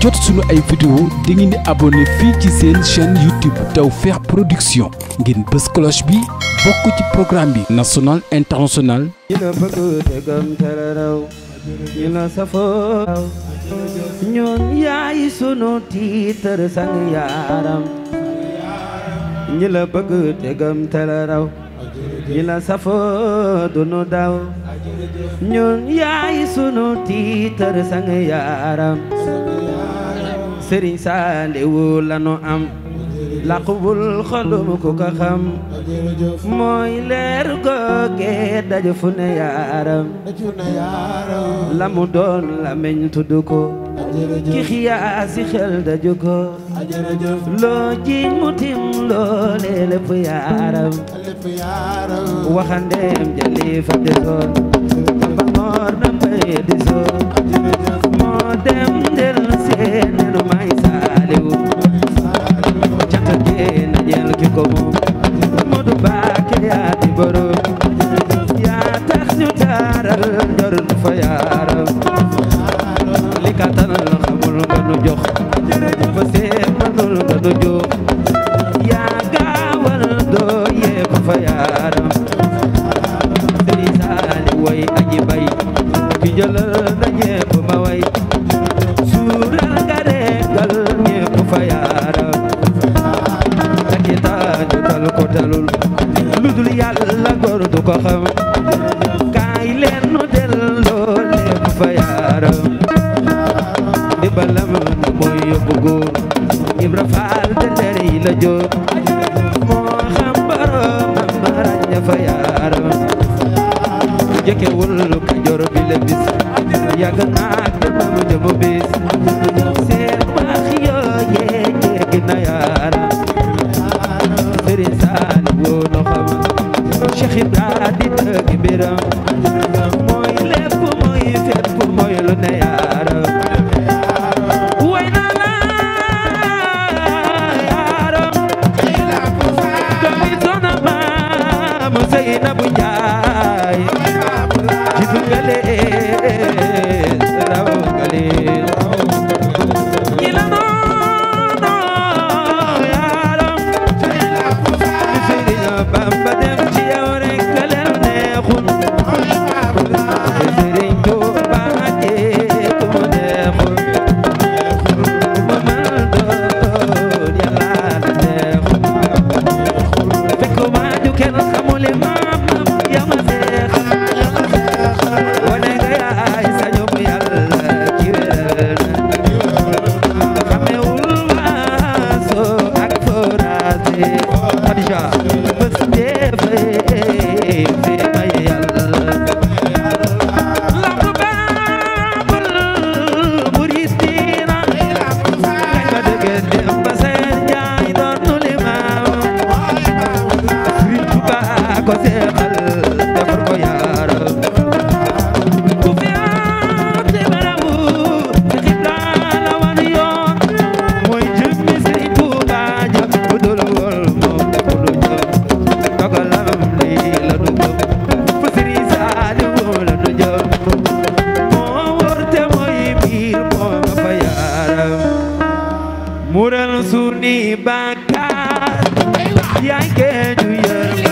jot suñu ay vidéo da ngeen di abonné fii ci seen chaîne YouTube Tawfekh Production ngeen bës cloche bi bokk ci programme bi national international ñi la bëgg yaay sunu tiitar sang yaaram yi la safoo dunu daw ñun yaay sunu tiitër sang yaaram sëriñ saaliwu lanu am laqubul xolum ku ko xam mooy leer googee daje fu ne yaaram la mu doon la meñ tudd ki xiyaasi xel da jógo loo jiñ mu tim loole lépp yaaram waxandeem jalifa di soon ba moor na mbay di soon moo dem del seen nenu may saaliw canta kee na jël ki ko moom mu du baake yaa di borom jëkkewul kajoor bi la bis yàgg naa dama mu jëm bis seen baax yooyee jéggi na yaara sëriñ Saaliw woo loxam Cheikh Ibra di tëgg mbiram mural suni bakkaar yaa ngi ju yërëm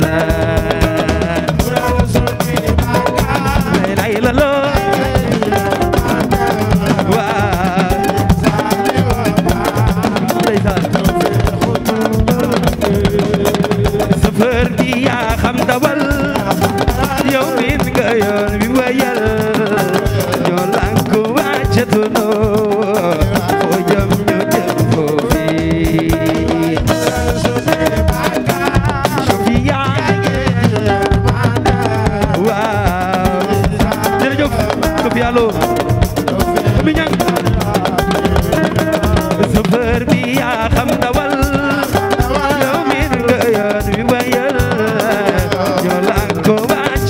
la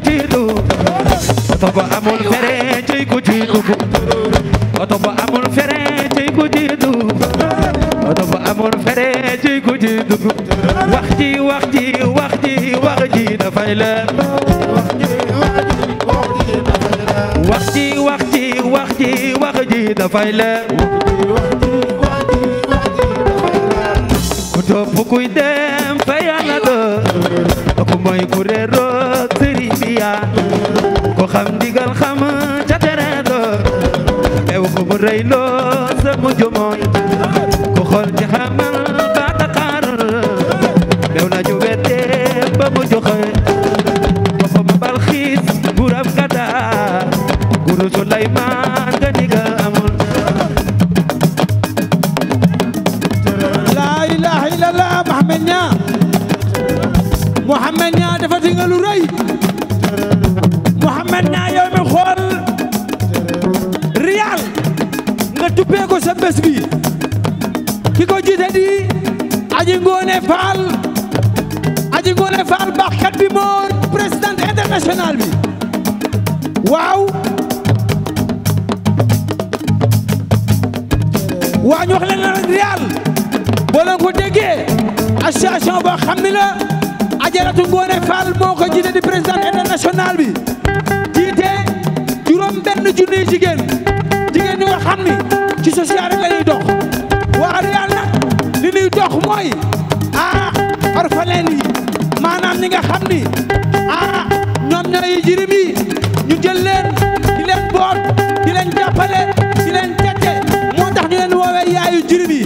ku ci dugg oto ba amul fere cey ku ci dugg oto xam ndigal xam ca tere loo ew ko bu rëy loo sa mujj mooy ki ko jiite di aji ngoone faal aji ngoone faal baaxkat bi moo président international bi waaw waa ñu wax leen na Riyal boo leen ko déggee association boo xam ne la ajaratu ngoone faal moo ko jiite di président international bi jiite juróom benn junniy jigéen jigéen ñi nga xam ni ci social rek la dox mooy ah orphelin yi maanaam ñi nga xam ni ah ñoom ñooy jirim yi ñu jël leen di leen boot di leen jàppale di leen tette moo tax ñu leen woowee yaayu jirim yi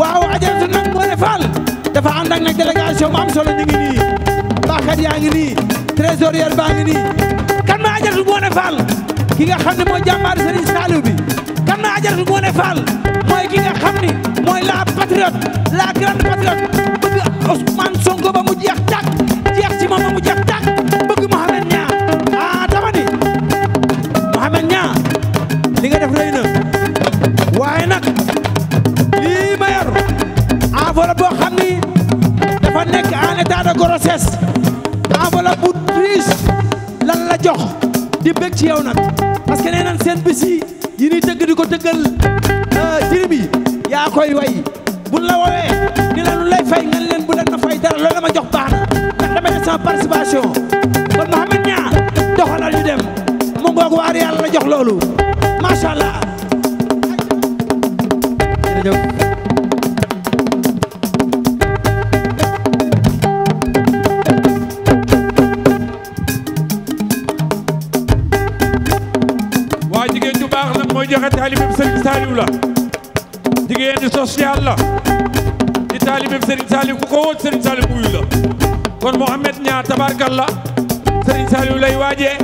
waaw ajaratu nag moo ne Fall dafa ànd ak nag délégation bu solo ñu ngi nii baaxkat yaa ngi nii trésorier baa ngi nii kan ma ajaratu moo ne ki nga xam ne moo jàmbaar Serigne Saliou bi ma ajaratu moo ne patriote la grande patriote bëgg Ousmane Sonko ba mu jeex tàkk jeex ci moom ba mu jeex tàkk bëgg Mohamed Niang ah dama ni Mohamed Niang li nga def rëy na waaye nag lii ma yor enveloppe boo xam ni dafa nekk en état de grossesse enveloppe bu riche lan la jox di bëgg ci yow nag parce que seen bis yi yi tëgg di ko tëggal euh, jirim yaa koy way buñ la woowee ni la lu lay fay nga leen bu leen na fay dara loolu la ma jox baax ndax dama ne sama participation kon Mouhamed Niang doxalal ñu dem mu waar yàlla la jox loolu macha allah. jërëjëf. waa jigéen ju baax nag mooy joxe taalibe bi sëriñ Saliou la. jigéen ñi social la di taalibeem Serigne Saliou ku ko wóot Serigne Saliou wuyu la kon Mouhamed Niang tabarkalla Serigne Saliou lay waajee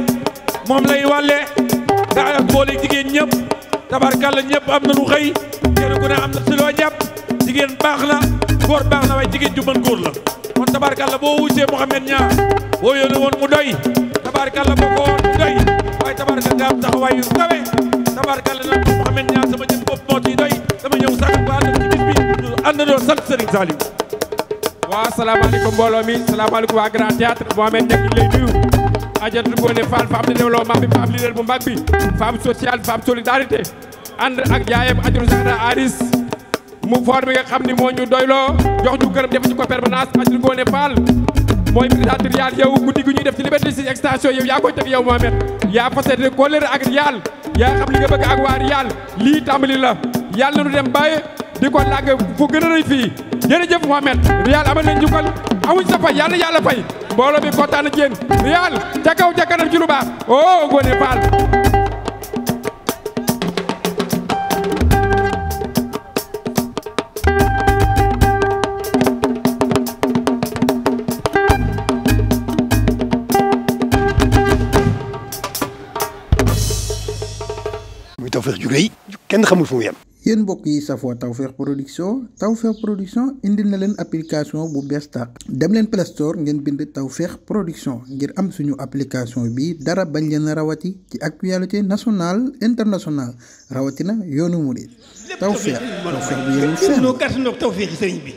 moom lay wàllee daa ak boole jigéen ñëpp tabarkalla ñëpp am nañu xëy kenn ku ne am na si loo jàpp jigéen baax na góor baax na waaye jigéen ju mën góor la kon tabarkalla boo wuutee Mouhamed Niang boo woon mu doy tabarkalla boo ko woon mu doy waaye tabarkalla nga am taxawaay yu kawe tabarkàlla nag Mouhamed Niang sama jëm bopp moo ciy doy dama ñëw sàkk ko ànd ci bis bi ñu àndandoo sant Serigne Saliou waaw salaamaaleykum mbooloo mi salaamaaleykum waa Grand Théâtre Mouhamed Niang ñu lay nuyu ajatu bo ne Fall femme de développement bi femme leader bu mag bi femme sociale femme solidarité ànd ak yaayam ajuru Zahra Aris mu forme nga xam ni moo ñu doyloo jox ñu këram def ci ko permanence ajuru bo ne Fall mooy présidente Riyal yow guddi gi def ci liberté si extension yow yaa xam li nga bëgg ak waar yàlla lii tàmbali la yàlla na nu dem bàyyi di ko làgg fu gën a rëy fii jërëjëf Mohamed Riyal amal leen njukkal amuñ sa fay yàlla yàlla fay mbooloo bi kontaan na jéen Riyal ca kaw ca kanam ci lu baax oh, muy Tawfekh ju rëy kenn xamul fu mu yem. yi safoo Tawfekh production Tawfekh indil na leen application bu bees tàq dem leen Play Store ngeen bind Tawfekh production ngir am suñu application bi dara bañ leen rawati ci actualité nationale internationale rawatina yoonu murid Tawfekh Tawfekh bi yéen fenn.